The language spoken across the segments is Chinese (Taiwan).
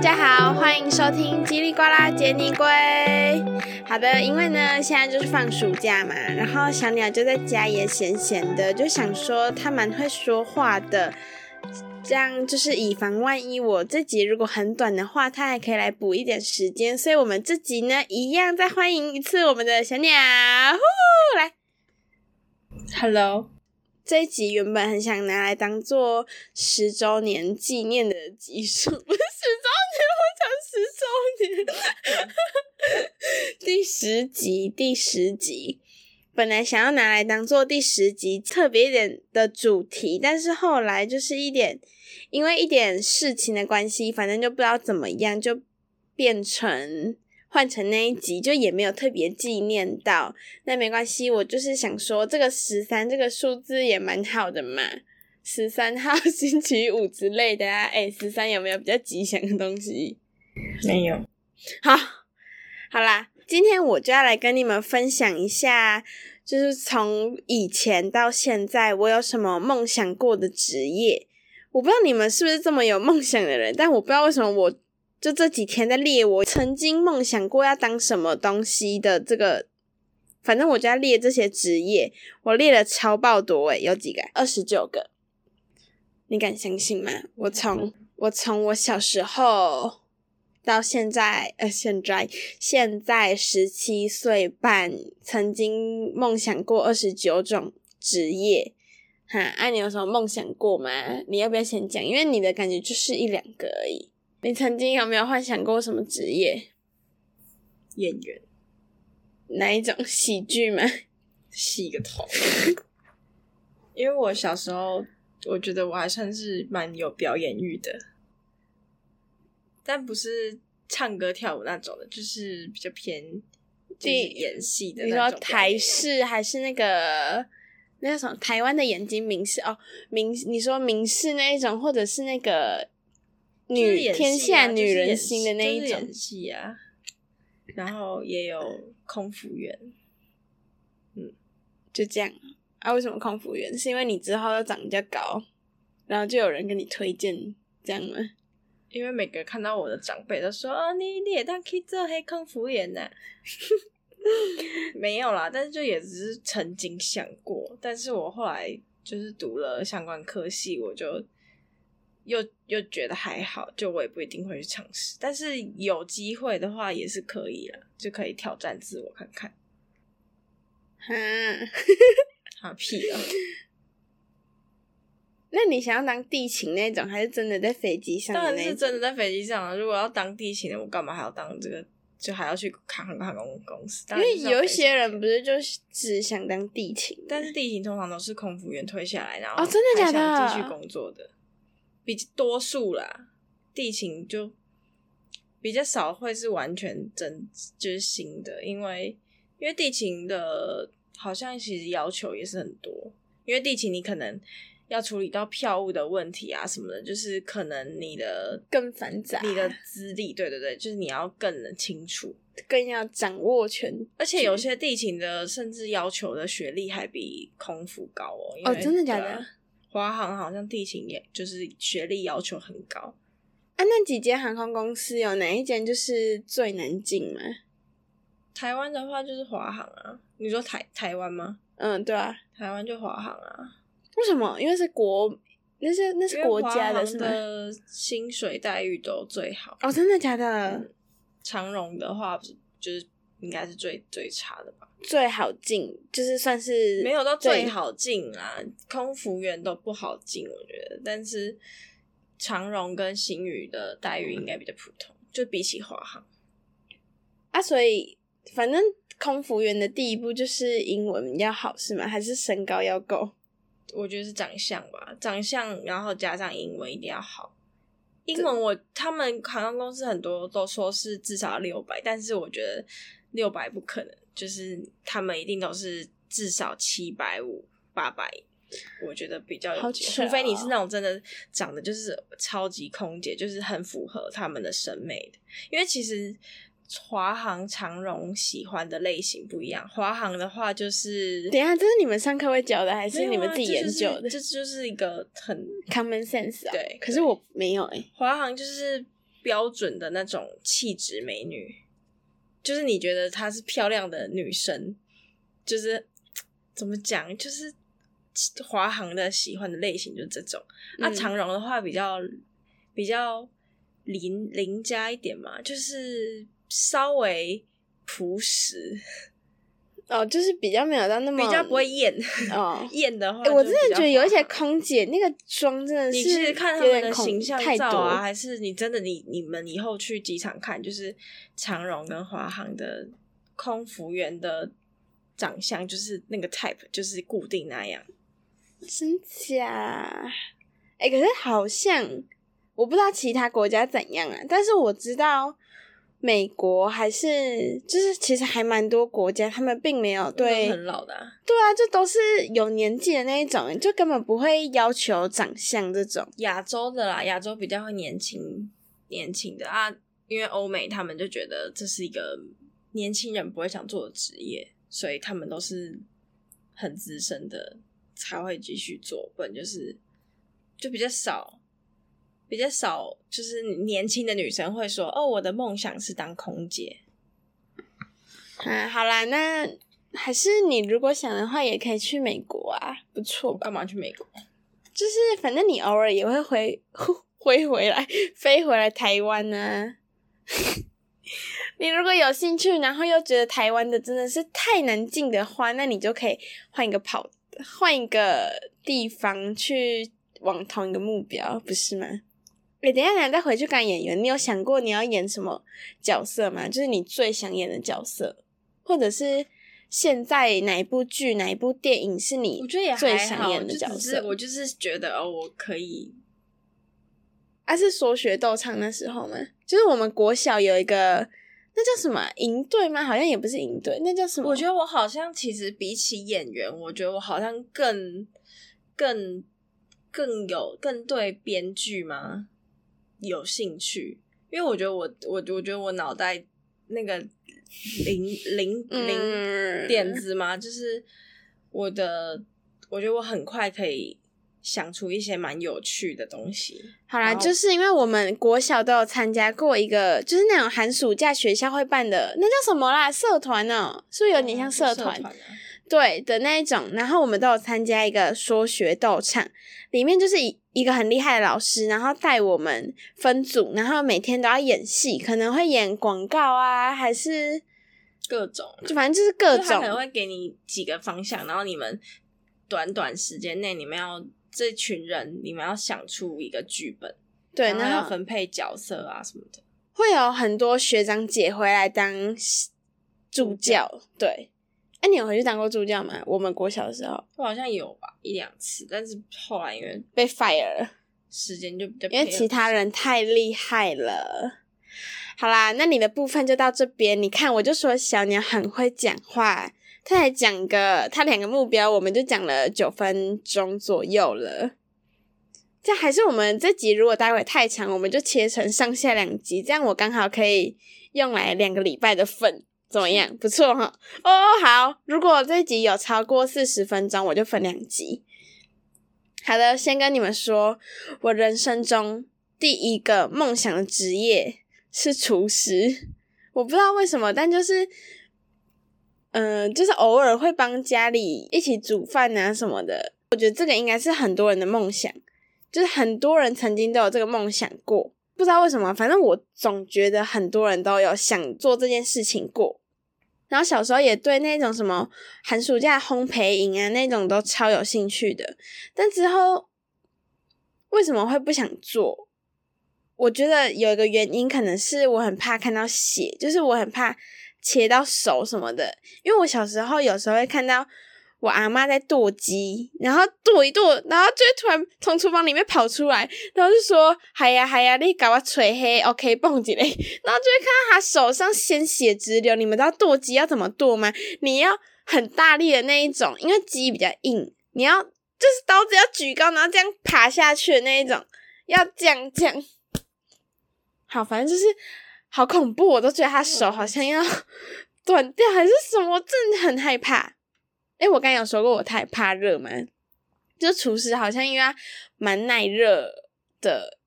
大家好，歡迎收聽嘰里呱啦傑尼龜。好的，因為呢，現在就是放暑假嘛，然後小鳥就在家也閒閒的，就想說它蠻會說話的，這樣就是以防萬一，我這集如果很短的話，它還可以來補一點時間。所以，我們這集呢，一樣再歡迎一次我們的小鳥。呼呼，來，Hello，這一集原本很想拿來當做十周年紀念的集數。 第十集，第十集，本來想要拿來當做第十集特別一點的主題，但是後來就是一點，因為一點事情的關係，反正就不知道怎麼樣就變成換成那一集，就也沒有特別紀念到。那沒關係，我就是想說這個十三這個數字也蠻好的嘛，十三號星期五之類的啊。哎，十三有沒有比較吉祥的東西？沒有。好好啦，今天我就要來跟你們分享一下，就是從以前到現在，我有什麼夢想過的職業。我不知道你們是不是這麼有夢想的人，但我不知道為什麼我就這幾天在列我曾經夢想過要當什麼東西的這個，反正我就要列這些職業，我列了超爆多哎、欸，有幾個？二十九個。你敢相信嗎？我從我從我小時候。到現在，呃，現在現在十七歲半，曾經夢想過二十九種職業，哈、啊，欸、啊、你有什麼夢想過嗎？你要不要先講？因為你的感覺就是一兩個而已。你曾經有沒有幻想過什麼職業？演員，哪一種喜劇嗎？洗個頭， 因為我小時候，我覺得我還算是蠻有表演慾的。但不是唱歌跳舞那種的，就是比較偏就是演戲的，的你說台視還是那個那叫什麼台灣的眼睛民視，哦明你說民視那一種，或者是那個女天下女人心的那一種演戲，就是、啊，然後也有空服員，嗯，就這樣啊？為什麼空服員？是因為你之後要長比較高，然後就有人跟你推薦這樣嗎？因為每個人看到我的長輩都說：“哦、啊，你你也當去做空服員呢？”沒有啦，但是就也只是曾經想過。但是我後來就是讀了相關科系，我就又又覺得還好，就我也不一定會去嘗試。但是有機會的話，也是可以啦，就可以挑戰自我看看。哈， 好屁啊！那你想要當地勤那種，還是真的在飛機上？當然是真的在飛機上。如果要當地勤的，我幹嘛還要當這個？就還要去扛航空公司？是因為有一些人不是就只想當地勤，但是地勤通常都是空服員退下來，然後想繼的、哦、真的假的？繼續工作的比較多數啦，地勤就比較少會是完全真就是新的，因為因為地勤的，好像其實要求也是很多，因為地勤你可能。要處理到票務的問題啊，什麼的，就是可能你的更繁雜，你的資歷，對對對，就是你要更清楚，更要掌握全。而且有些地勤的甚至要求的學歷還比空服高哦。哦，真的假的？華航好像地勤也就是學歷要求很高啊。那幾間航空公司有哪一間就是最難進嗎？台灣的話就是華航啊。你說台台灣嗎？嗯，對啊，台灣就華航啊。為什麼？因為是國，那是那是國家的是，是的，薪水待遇都最好哦。真的假的？嗯、長榮的話，不是就是、就是、應該是最最差的吧？最好進就是算是沒有到最好進啊，對空服員都不好進，我覺得。但是長榮跟星宇的待遇應該比較普通，哇就比起華航啊。所以反正空服員的第一步就是英文要好，是嗎？還是身高要夠？我覺得是長相吧，長相，然後加上英文一定要好。英文我他們航空公司很多都說是至少六百、嗯，但是我覺得六百不可能，就是他們一定都是至少七百五、八百。我覺得比較有、哦、除非你是那種真的長得就是超級空姐，就是很符合他們的審美的。因為其實。華航、長榮喜歡的類型不一樣。華航的話就是，等一下，這是你們上課會教的，還是你們自己研究的？這、啊就是就是、就是一個很 common sense 啊。對，對可是我沒有誒、欸、華航就是標準的那種氣質美女，就是你覺得她是漂亮的女生，就是怎麼講，就是華航的喜歡的類型就是這種。那、嗯啊、長榮的話比較比較鄰鄰家一點嘛，就是。稍微樸實哦，就是比較沒有到那麼比較不會豔哦，豔的話，我真的覺得有一些空姐那個妝真的是，你其實看他們的形象照啊，太多還是你真的你你們以後去機場看，就是長榮跟華航的空服員的長相，就是那個 type，就是固定那樣，真假？哎，可是好像我不知道其他國家怎樣啊，但是我知道。美國還是就是其實還蠻多國家，他們並沒有對都很老的、啊，對啊，這都是有年紀的那一種，就根本不會要求長相這種。亞洲的啦，亞洲比較會年輕年輕的啊，因為歐美他們就覺得這是一個年輕人不會想做的職業，所以他們都是很資深的才會繼續做，不然就是就比較少。比較少，就是年輕的女生會說：“哦，我的夢想是當空姐。”嗯，好啦，那還是你如果想的話，也可以去美國啊。不錯，幹嘛去美國？就是反正你偶爾也會回回回來飛回來台灣呢、啊。 你如果有興趣，然後又覺得台灣的真的是太難進的話，那你就可以換一個跑，換一個地方去往同一個目標，不是嗎？哎、欸，等一下，咱再回去幹演員。你有想過你要演什麼角色嗎？就是你最想演的角色，或者是現在哪一部劇、哪一部電影是你最想演的角色？我就，我就是覺得哦，我可以。啊，是說學逗唱那時候嗎？就是我們國小有一個，那叫什麼？營隊嗎？好像也不是營隊，那叫什麼？我覺得我好像其實比起演員，我覺得我好像更更更有更對編劇嗎？有興趣，因為我覺得我我我覺得我腦袋那個零零零點子嘛，嗯、就是我的，我覺得我很快可以想出一些蠻有趣的東西。好啦，然後就是因為我們國小都有參加過一個，就是那種寒暑假學校會辦的，那叫什麼啦？社團呢、喔？是不是有點像社團？哦對的那一種，然後我們都有參加一個說學逗唱，裡面就是一一個很厲害的老師，然後帶我們分組，然後每天都要演戲，可能會演廣告啊，還是各種，就反正就是各種，可能會給你幾個方向，然後你們短短時間內，你們要這群人，你們要想出一個劇本，對，然後要分配角色啊什麼的，會有很多學長姐回來當助教，助教，對。哎、啊，你有回去當過助教嗎？我們國小的時候，我好像有吧，一兩次，但是後來因為被 fire，時間就比較……因為其他人太厲害了。好啦，那你的部分就到這邊。你看，我就說小鳥很會講話，它還講個它兩個目標，我們就講了九分鐘左右了。這還是我們這集，如果待會太長，我們就切成上下兩集，這樣我剛好可以用來兩個禮拜的份。怎麼樣？不錯哈、哦！哦，好。如果這一集有超過四十分鐘，我就分兩集。好的，先跟你們說，我人生中第一個夢想的職業是廚師。我不知道為什麼，但就是，嗯、呃，就是偶爾會幫家裡一起煮飯啊什麼的。我覺得這個應該是很多人的夢想，就是很多人曾經都有這個夢想過。不知道為什麼，反正我總覺得很多人都有想做這件事情過，然後小時候也對那種什麼寒暑假烘焙營啊那種都超有興趣的，但之後為什麼會不想做？我覺得有一個原因可能是我很怕看到血，就是我很怕切到手什麼的，因為我小時候有時候會看到。我阿媽在剁雞，然後剁一剁，然後就會突然從廚房裡面跑出來，然後就說：“嗨呀嗨呀，你搞我錘黑，OK，蹦起來。”然後就會看到他手上鮮血直流。你們知道剁雞要怎麼剁嘛？你要很大力的那一種，因為雞比較硬，你要就是刀子要舉高，然後這樣爬下去的那一種，要這樣這樣。好，反正就是好恐怖，我都覺得他手好像要斷掉還是什麼，我真的很害怕。哎、欸，我剛才有說過我太怕熱嗎？就廚師好像因為他蠻耐熱的，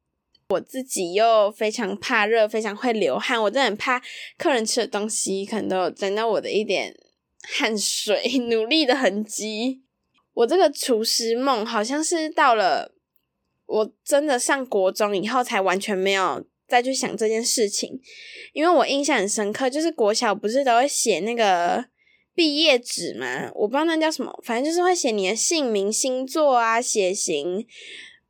我自己又非常怕熱，非常會流汗。我真的很怕客人吃的東西可能都有沾到我的一點汗水、努力的痕跡。我這個廚師夢好像是到了我真的上國中以後才完全沒有再去想這件事情，因為我印象很深刻，就是國小不是都會寫那個。畢業紙嘛，我不知道那叫什麼，反正就是會寫你的姓名、星座啊、血型、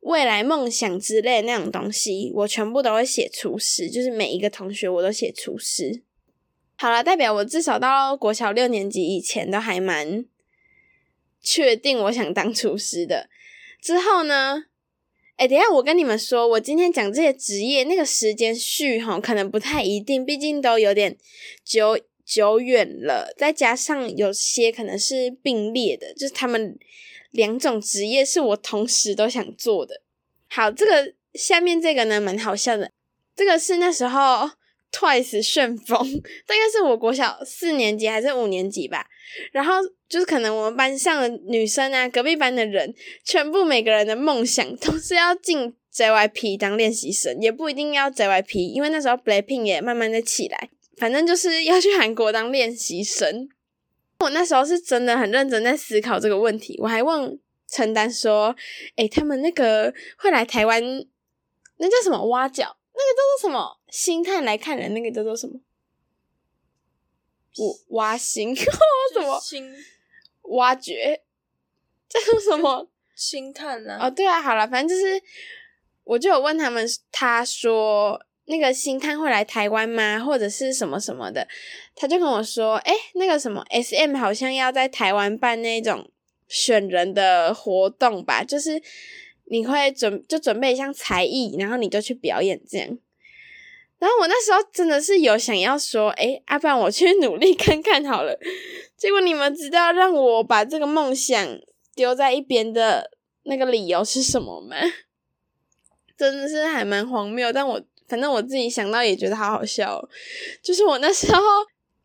未來夢想之類的那種東西。我全部都會寫廚師，就是每一個同學我都寫廚師。好啦，代表我至少到國小六年級以前都還蠻確定我想當廚師的。之後呢？哎，等一下我跟你們說，我今天講這些職業，那個時間序吼，可能不太一定，畢竟都有點久。久遠了，再加上有些可能是並列的，就是他們兩種職業是我同時都想做的。好，這個下面這個呢，蠻好笑的。這個是那時候 Twice 旋風，大概是我國小四年級還是五年級吧。然後就是可能我們班上的女生啊，隔壁班的人，全部每個人的夢想都是要進 JYP 當練習生，也不一定要 JYP，因為那時候 Blackpink 也慢慢的起來。反正就是要去韓國當練習生，我那時候是真的很認真在思考這個問題。我還問陳丹說：“哎、欸，他們那個會來台灣，那叫什麼挖角？那個叫做什麼星探來看人？那個叫做什麼？我挖星？ 什麼？星挖掘？在說什麼星探啊？啊、哦，對啊，好啦，反正就是我就有問他們，他說。”那個星探會來台灣嗎？或者是什麼什麼的？他就跟我說：“哎、欸，那個什麼 SM 好像要在台灣辦那種選人的活動吧，就是你會準就準備一項才藝，然後你就去表演這樣。”然後我那時候真的是有想要說：“哎、欸，啊不然，我去努力看看好了。”結果你們知道讓我把這個夢想丟在一邊的那個理由是什麼嗎？真的是還蠻荒謬，但我。反正我自己想到也覺得好好笑，就是我那時候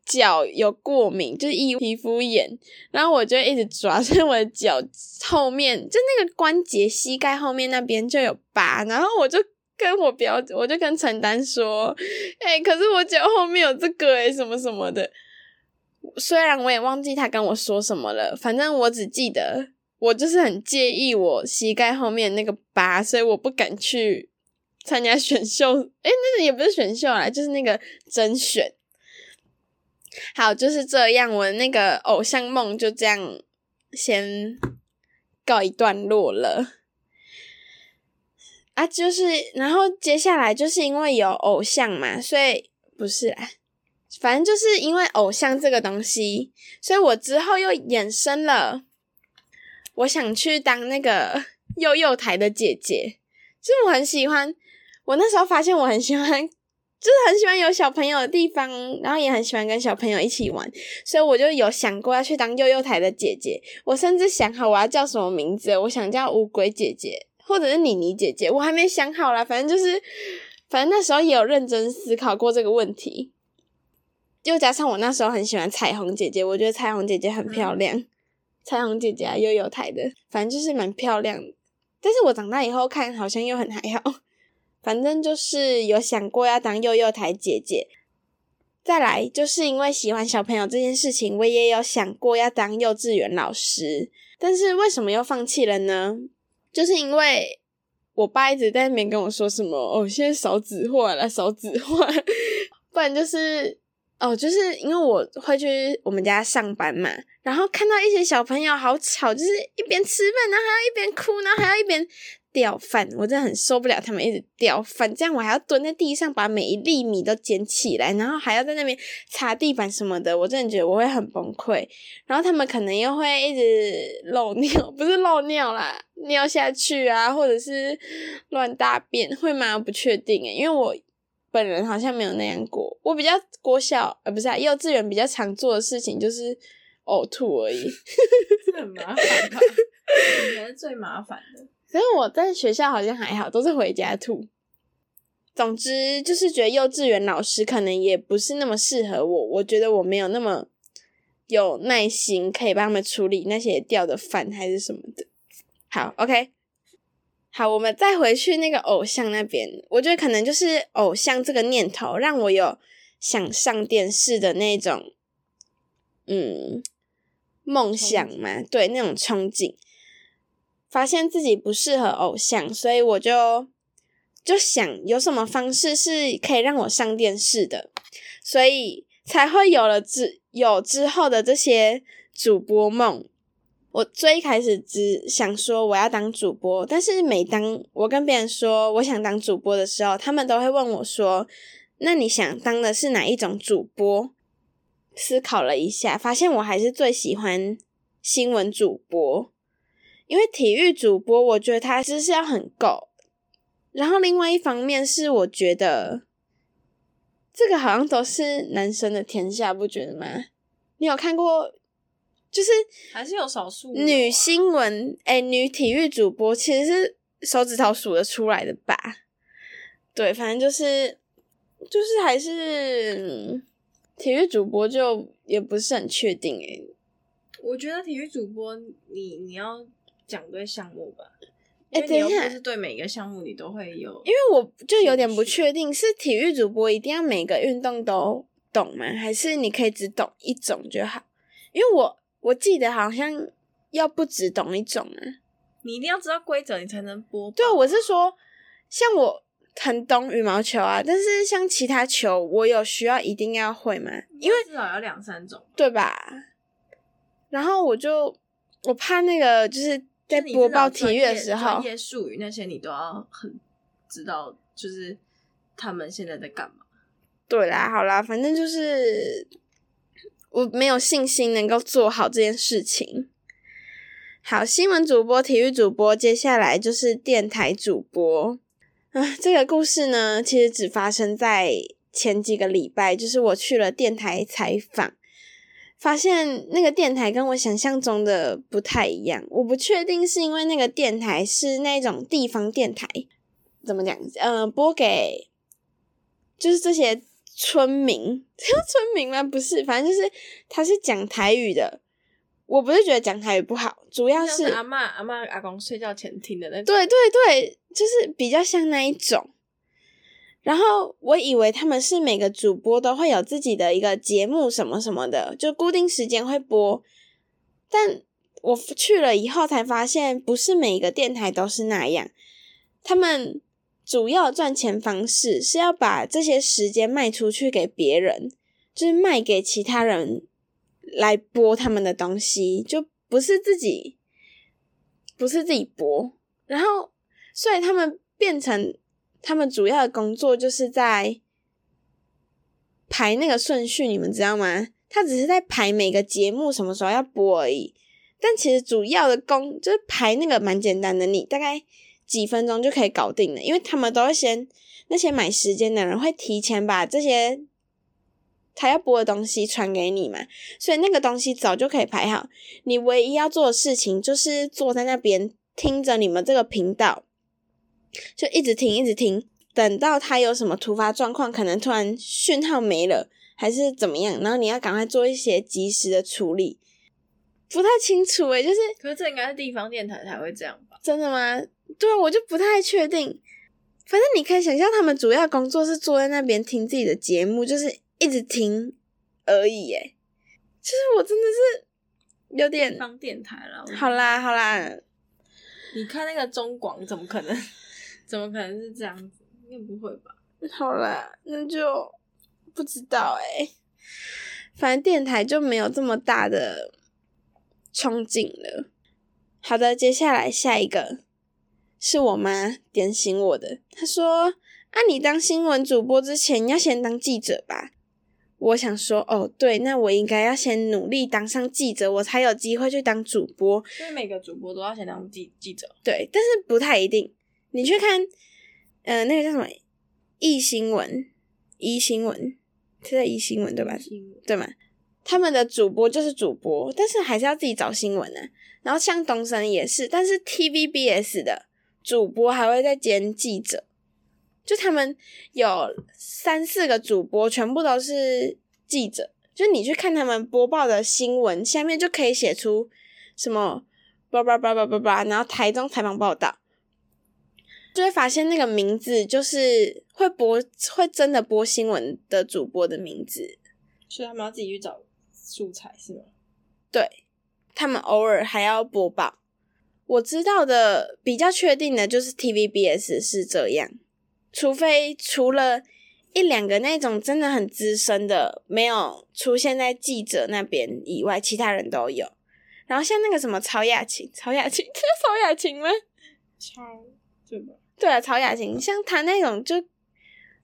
腳有過敏，就是一皮膚炎，然後我就一直抓着我的腳後面就那個關節膝蓋後面那邊就有疤，然後我就跟我表，我就跟陳丹說，哎、欸，可是我腳後面有這個哎、欸，什麼什麼的。雖然我也忘記他跟我說什麼了，反正我只記得我就是很介意我膝蓋後面那個疤，所以我不敢去。參加選秀，誒、欸，那個也不是選秀啦，就是那個甄選。好，就是這樣，我的那個偶像夢就這樣先告一段落了。啊，就是，然後接下來就是因為有偶像嘛，所以不是啊，反正就是因為偶像這個東西，所以我之後又衍生了，我想去當那個幼幼台的姐姐，就是我很喜歡。我那時候發現我很喜歡，就是很喜歡有小朋友的地方，然後也很喜歡跟小朋友一起玩，所以我就有想過要去當幼幼臺的姐姐。我甚至想好我要叫什麼名字，我想叫烏龜姐姐，或者是妮妮姐姐。我還沒想好啦，反正就是，反正那時候也有認真思考過這個問題。又加上我那時候很喜歡彩虹姐姐，我覺得彩虹姐姐很漂亮，嗯、彩虹姐姐啊、幼幼臺的，反正就是蠻漂亮的。但是我長大以後看好像又很還好。反正就是有想過要當幼幼台姐姐，再來就是因為喜歡小朋友這件事情，我也有想過要當幼稚園老師，但是為什麼又放棄了呢？就是因為我爸一直在那邊跟我說什麼“哦，現在少子化了，少子化”， 不然就是。哦，oh, 就是因為我會去我們家上班嘛，然後看到一些小朋友好吵，就是一邊吃飯，然後還要一邊哭，然後還要一邊掉飯，我真的很受不了他們一直掉飯，這樣我還要蹲在地上把每一粒米都撿起來，然後還要在那邊擦地板什麼的，我真的覺得我會很崩潰。然後他們可能又會一直漏尿，不是漏尿啦，尿下去啊，或者是亂大便，會嗎？不確定哎、欸，因為我。本人好像沒有那樣過，我比較國小呃，不是、啊、幼稚園比較常做的事情就是嘔吐而已， 很麻煩、啊，你才是最麻煩的。所以我在學校好像還好，都是回家吐。總之就是覺得幼稚園老師可能也不是那麼適合我，我覺得我沒有那麼有耐心可以幫他們處理那些掉的飯還是什麼的。好，OK。好，我們再回去那個偶像那邊。我覺得可能就是偶像這個念頭，讓我有想上電視的那種，嗯，夢想嘛，衝勁。對，那種憧憬。發現自己不適合偶像，所以我就就想有什麼方式是可以讓我上電視的，所以才會有了之有之後的這些主播夢。我最一開始只想說我要當主播，但是每當我跟別人說我想當主播的時候，他們都會問我說：“那你想當的是哪一種主播？”思考了一下，發現我還是最喜歡新聞主播，因為體育主播我覺得他知識要很夠。然後另外一方面是，我覺得這個好像都是男生的天下，不覺得嗎？你有看過？就是還是有少數女新聞哎，女體育主播其實是手指頭數得出來的吧？對，反正就是就是還是、嗯、體育主播就也不是很確定哎、欸。我覺得體育主播，你你要講對項目吧，因對，你不是對每個項目你都會有、欸，因為我就有點不確定，是體育主播一定要每個運動都懂嗎？還是你可以只懂一種就好？因為我。我記得好像要不止懂一種啊，你一定要知道規則，你才能播。對，我是說，像我很懂羽毛球啊，但是像其他球，我有需要一定要會嗎？因為至少要兩三種，對吧？然後我就我怕那個就是在播報體育的時候，術語那些你都要很知道，就是他們現在在幹嘛。對啦，好啦，反正就是。我沒有信心能夠做好這件事情。好，新聞主播、體育主播，接下來就是電台主播。啊、呃，這個故事呢，其實只發生在前幾個禮拜，就是我去了電台採訪，發現那個電台跟我想象中的不太一樣。我不確定是因為那個電台是那種地方電台，怎麼講？嗯、呃，播給就是這些。村民？村民嗎？不是，反正就是他是講台語的。我不是覺得講台語不好，主要是阿嬤、阿嬤、阿公睡覺前聽的那種。對對對，就是比較像那一種。然後我以為他們是每個主播都會有自己的一個節目什麼什麼的，就固定時間會播。但我去了以後才發現，不是每一個電台都是那樣。他們。主要賺錢方式是要把這些時間賣出去給別人，就是賣給其他人來播他們的東西，就不是自己，不是自己播。然後，所以他們變成他們主要的工作就是在排那個順序，你們知道嗎？他只是在排每個節目什麼時候要播而已，但其實主要的工就是排那個蠻簡單的，你大概。幾分鐘就可以搞定了，因為他們都會先，那些買時間的人會提前把這些他要播的東西傳給你嘛，所以那個東西早就可以排好。你唯一要做的事情就是坐在那邊聽着你們這個頻道，就一直聽一直聽，等到他有什麼突發狀況，可能突然訊號沒了還是怎麼樣，然後你要趕快做一些即時的處理。不太清楚誒、欸，就是，可是這應該是地方電台才會這樣吧？真的嗎？對，我就不太確定。反正你可以想象，他們主要工作是坐在那邊聽自己的節目，就是一直聽而已耶。哎，其實我真的是有點放電台了。好啦，好啦，你看那個中廣怎麼可能？怎麼可能是這樣子？應該不會吧？好啦，那就不知道哎。反正電台就沒有這麼大的憧憬了。好的，接下來下一個。是我媽點醒我的，她說：“啊，你當新聞主播之前你要先當記者吧。”我想說：“哦，對，那我應該要先努力當上記者，我才有機會去當主播。”所以每個主播都要先當記記者，對，但是不太一定。你去看，呃，那個叫什麼“易新聞”？“易新聞”是在“易新聞”對吧？新聞。對嗎？他們的主播就是主播，但是還是要自己找新聞呢、啊。然後像東森也是，但是 TVBS 的。主播還會再兼記者，就他們有三四個主播，全部都是記者。就你去看他們播報的新聞，下面就可以寫出什麼叭叭叭叭叭叭，然後台中採訪報道就會發現那個名字就是會播會真的播新聞的主播的名字。所以他們要自己去找素材是嗎？對，他們偶爾還要播報。我知道的比較確定的就是 TVBS 是這樣，除非除了一兩個那種真的很資深的沒有出現在記者那邊以外，其他人都有。然後像那個什麼曹雅琴，曹雅琴，這是曹雅琴嗎？曹，真的。對啊，曹雅琴，嗯、像他那種就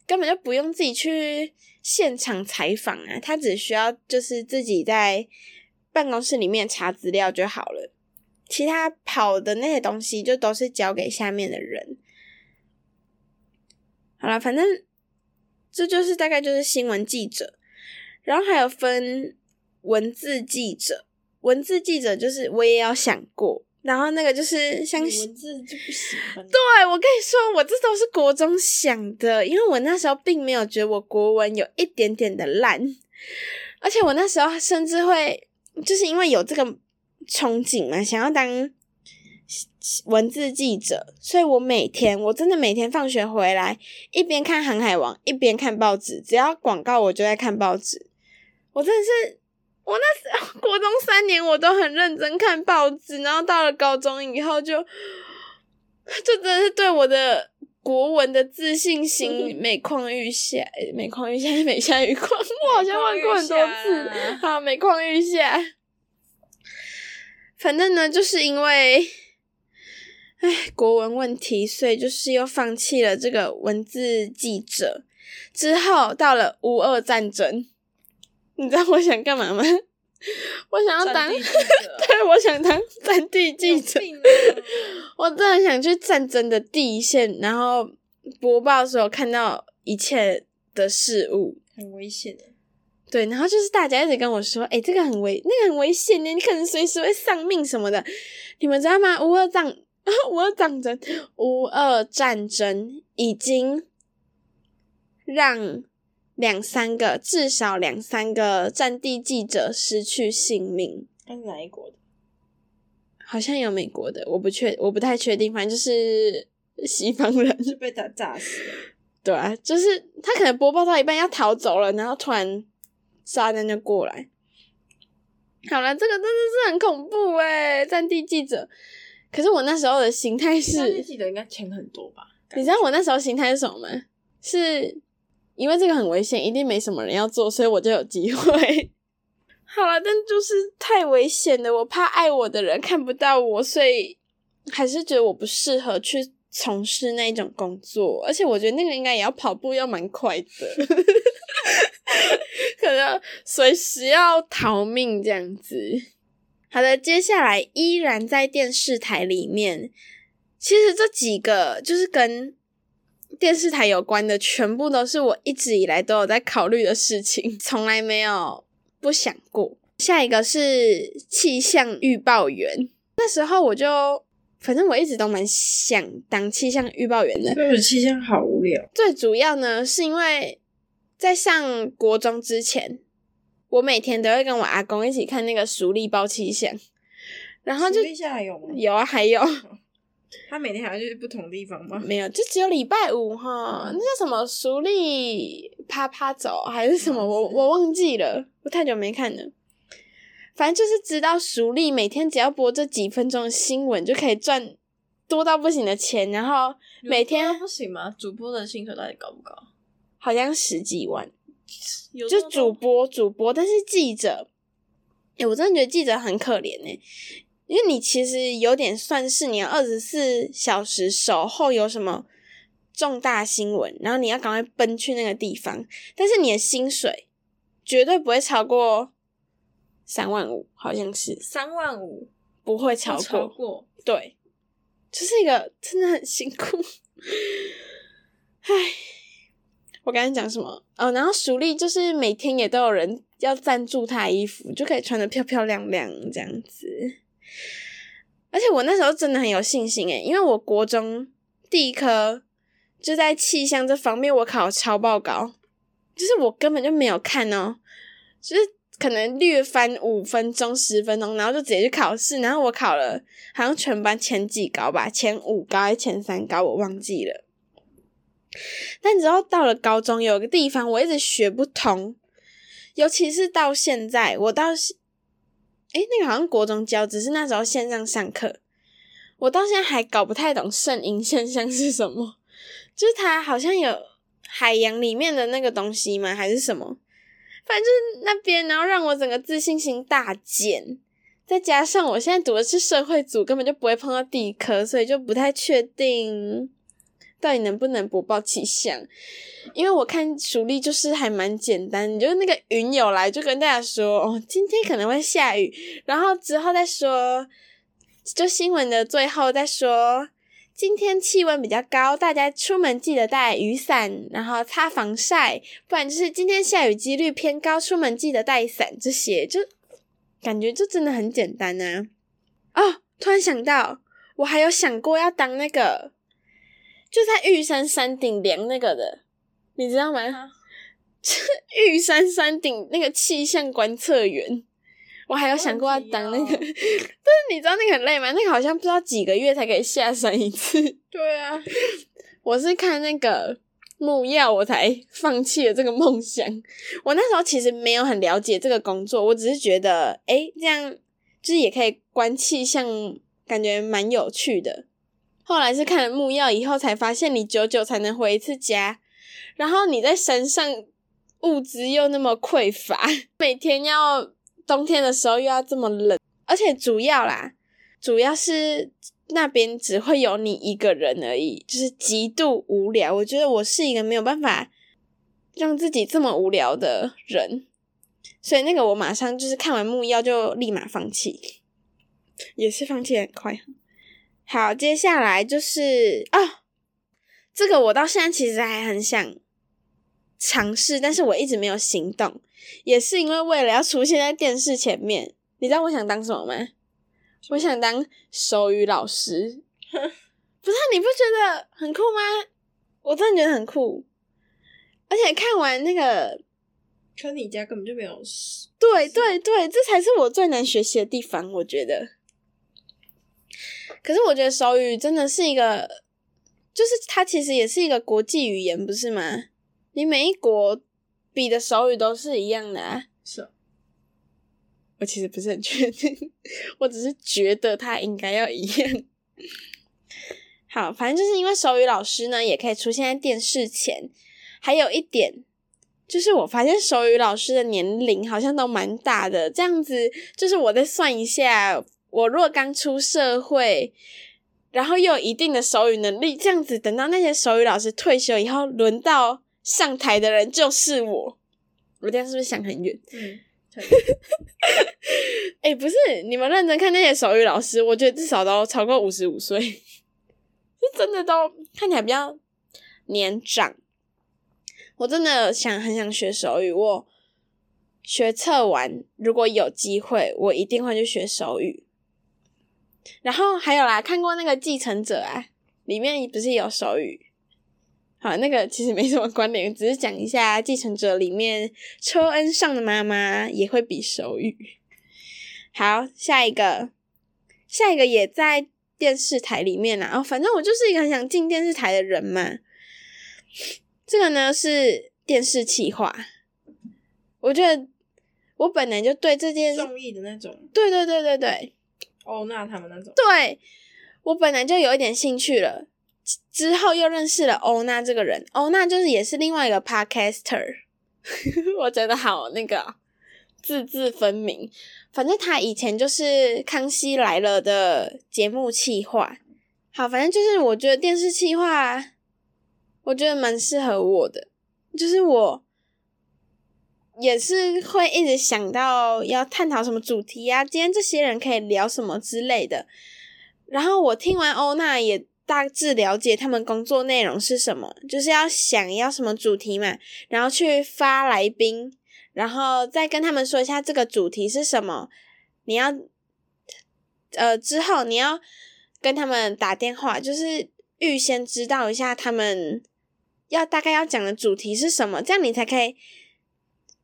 根本就不用自己去現場採訪啊，他只需要就是自己在辦公室裡面查資料就好了。其他跑的那些東西，就都是交給下面的人。好啦，反正這就是大概就是新聞記者，然後還有分文字記者。文字記者就是我也要想過，然後那個就是像就對，我跟你說，我這都是國中想的，因為我那時候並沒有覺得我國文有一點點的爛，而且我那時候甚至會就是因為有這個。憧憬嘛、啊，想要當文字記者，所以我每天我真的每天放學回來，一邊看《航海王》，一邊看報紙。只要廣告，我就在看報紙。我真的是，我那時候國中三年，我都很認真看報紙。然後到了高中以後就，就就真的是對我的國文的自信心是每況愈下，每況愈下，每下愈況。愈我好像問過很多次，啊，每況愈下。反正呢，就是因為，唉，國文問題，所以就是又放棄了這個文字記者。之後到了烏俄戰爭，你知道我想幹嘛嗎？我想要當， 對，我想當戰地記者。啊、 我真的想去戰爭的第一線，然後播報的時候看到一切的事物，很危險的。對，然後就是大家一直跟我說：“誒，這個很危，那個很危險，你可能隨時會喪命什麼的。”你們知道嗎？烏俄戰，烏、哦、俄戰爭，烏俄戰爭已經讓兩三個，至少兩三個戰地記者失去性命。那是哪一國的？好像有美國的，我不確，我不太確定。反正就是西方人是被他炸死。對啊，就是他可能播報到一半要逃走了，然後突然。殺人就過來，好了，這個真的是很恐怖誒、欸，戰地記者。可是我那時候的心態是，戰地記者應該錢很多吧？你知道我那時候心態是什麼嗎？是因為這個很危險，一定沒什麼人要做，所以我就有機會。好了，但就是太危險了，我怕愛我的人看不到我，所以還是覺得我不適合去。從事那一種工作，而且我覺得那個應該也要跑步，要蠻快的， 可能隨時要逃命這樣子。好的，接下來依然在電視台裡面。其實這幾個就是跟電視台有關的，全部都是我一直以來都有在考慮的事情，從來沒有不想過。下一個是氣象預報員，那時候我就。反正我一直都蠻想當氣象預報員的，但氣象好無聊。最主要呢，是因為在上國中之前，我每天都會跟我阿公一起看那個淑麗報氣象，然後就，有啊，還有。他每天好像就是不同地方嘛，沒有，就只有禮拜五哈，那叫什麼淑麗趴趴走還是什麼我？我我忘記了，我太久沒看了。反正就是知道熟利，每天只要播這幾分鐘的新聞就可以賺多到不行的錢，然後每天不行嗎？主播的薪水到底高不高？好像十幾萬，就主播主播，但是記者，誒、欸，我真的覺得記者很可憐哎、欸，因為你其實有點算是你二十四小時守候，有什麼重大新聞，然後你要趕快奔去那個地方，但是你的薪水絕對不會超過。三萬五好像是三萬五，萬五不會超過超過，對，就是一個真的很辛苦， 唉，我剛才講什麼哦？然後署立就是每天也都有人要贊助他的衣服，就可以穿得漂漂亮亮這樣子。而且我那時候真的很有信心誒，因為我國中第一科就在氣象這方面，我考超爆高，就是我根本就沒有看哦、喔，就是。可能略翻五分鐘、十分鐘，然後就直接去考試。然後我考了，好像全班前幾高吧，前五高還是前三高，我忘記了。但你知道到了高中，有一個地方我一直學不通，尤其是到現在，我到誒、欸，那個好像國中教，只是那時候線上上課，我到現在還搞不太懂聖嬰現象是什麼，就是它好像有海洋裡面的那個東西嗎，還是什麼？反正那邊，然後讓我整個自信心大減，再加上我現在讀的是社會組，根本就不會碰到地科，所以就不太確定到底能不能播報氣象。因為我看熟例就是還蠻簡單，你就那個雲有來就跟大家說，哦，今天可能會下雨，然後之後再說，就新聞的最後再說。今天氣溫比較高，大家出門記得帶雨傘，然後擦防曬，不然就是今天下雨幾率偏高，出門記得帶傘。這些就感覺就真的很簡單啊！哦，突然想到，我還有想過要當那個，就在玉山山頂量那個的，你知道嗎？玉 山山頂那個氣象觀測員。我還有想過要當那個，但是你知道那個很累嗎？那個好像不知道幾個月才可以下山一次。對啊，我是看那個木曜，我才放棄了這個夢想。我那時候其實沒有很了解這個工作，我只是覺得，誒、欸、這樣就是也可以觀氣象，感覺蠻有趣的。後來是看了木曜以後，才發現你久久才能回一次家，然後你在山上物資又那麼匱乏，每天要。冬天的時候又要這麼冷，而且主要啦，主要是那邊只會有你一個人而已，就是極度無聊。我覺得我是一個沒有辦法讓自己這麼無聊的人，所以那個我馬上就是看完木曜就立馬放棄，也是放棄很快。好，接下來就是啊、哦，這個我到現在其實還很想嘗試，但是我一直沒有行動。也是因為為了要出現在電視前面，你知道我想當什麼嗎？什麼？我想當手語老師。 不是，你不覺得很酷嗎？我真的覺得很酷。而且看完那個，可你家根本就沒有。對對對，這才是我最難學習的地方，我覺得。可是我覺得手語真的是一個，就是它其實也是一個國際語言，不是嗎？你每一國。比的手語都是一樣的，啊，是。So, 我其實不是很確定，我只是覺得他應該要一樣。好，反正就是因為手語老師呢，也可以出現在電視前。還有一點，就是我發現手語老師的年齡好像都蠻大的。這樣子，就是我再算一下，我若剛出社會，然後又有一定的手語能力，這樣子，等到那些手語老師退休以後，輪到。上台的人就是我，我這樣是不是想很遠？哎、嗯 欸，不是，你們認真看那些手語老師，我覺得至少都超過五十五歲，是 真的都看起來比較年長。我真的想很想學手語，我學測完，如果有機會，我一定會去學手語。然後還有啦，看過那個《繼承者》啊，裡面不是有手語？好，那個其實沒什麼觀點，只是講一下《繼承者》裡面車恩尚的媽媽也會比手語。好，下一個，下一個也在電視台裡面啦。哦，反正我就是一個很想進電視台的人嘛。這個呢是電視企劃，我覺得我本來就對這件綜藝的那種，對，對對對對對，哦，那他們那種，對，我本來就有一點興趣了。之後又認識了歐娜這個人，歐娜就是也是另外一個 podcaster， 我覺得好那個字字分明。反正他以前就是《康熙來了》的節目企劃。好，反正就是我覺得電視企劃，我覺得蠻適合我的，就是我也是會一直想到要探討什麼主題啊，今天這些人可以聊什麼之類的。然後我聽完歐娜也。大致了解他們工作內容是什麼，就是要想要什麼主題嘛，然後去發來賓，然後再跟他們說一下這個主題是什麼。你要，呃，之後你要跟他們打電話，就是預先知道一下他們要大概要講的主題是什麼，這樣你才可以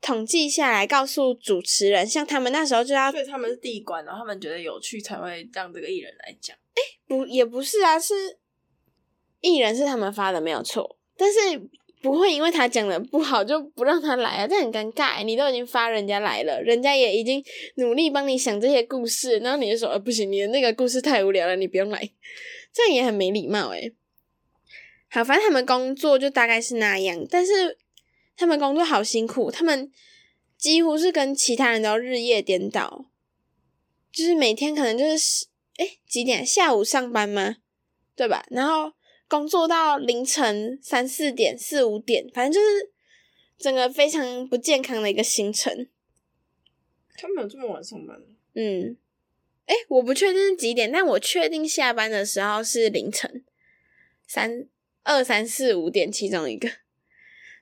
統計下來告訴主持人。像他們那時候就要，對，他們是第一關，然後他們覺得有趣才會讓這個藝人來講。欸、不也不是啊，是藝人是他們發的沒有錯，但是不會因為他講的不好就不讓他來啊，這很尷尬，欸。你都已經發人家來了，人家也已經努力幫你想這些故事，然後你就說，啊、不行，你的那個故事太無聊了，你不用來，這樣也很沒禮貌哎，欸。好，反正他們工作就大概是那樣，但是他們工作好辛苦，他們幾乎是跟其他人都日夜顛倒，就是每天可能就是。哎，幾點啊？下午上班嗎？對吧？然後工作到凌晨三四點、四五點，反正就是整個非常不健康的一個行程。他們有這麼晚上班嗎？嗯，哎，我不確定是幾點，但我確定下班的時候是凌晨三二三四五點其中一個，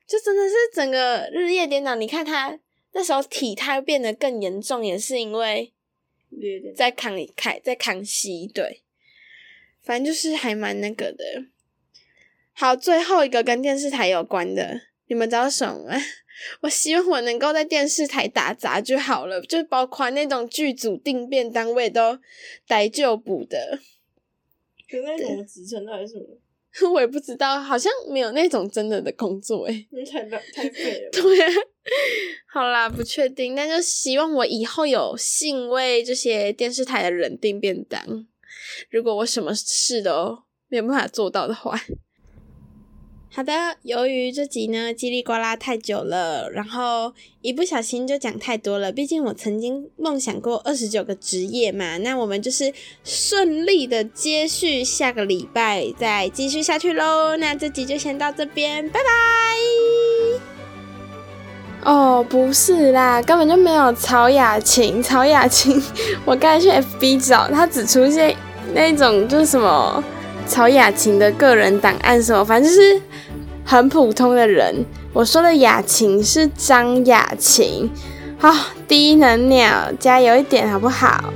就真的是整個日夜顛倒。你看他那時候體態變得更嚴重，也是因為。在康一開，在康熙，對，反正就是還蠻那個的。好，最後一個跟電視台有關的，你們知道什麼嗎？我希望我能夠在電視台打雜就好了，就包括那種劇組定變單位都逮就補的，就那種職稱還是什麼。我也不知道，好像沒有那種真的的工作哎、欸，太太對了。對，好啦，不確定，但就希望我以後有幸為這些電視台的人定便當。如果我什麼事都沒有辦法做到的話。好的，由於這集呢嘰里呱啦太久了，然後一不小心就講太多了。畢竟我曾經夢想過二十九個職業嘛，那我們就是順利的接續下個禮拜再繼續下去嘍。那這集就先到這邊，拜拜。哦，不是啦，根本就沒有曹雅琴。曹雅琴，我剛才去 FB 找，他只出現那一種就是什麼曹雅琴的個人檔案什麼，反正就是。很普通的人，我說的雅琴是張雅琴，好，低能鳥，加油一點好不好？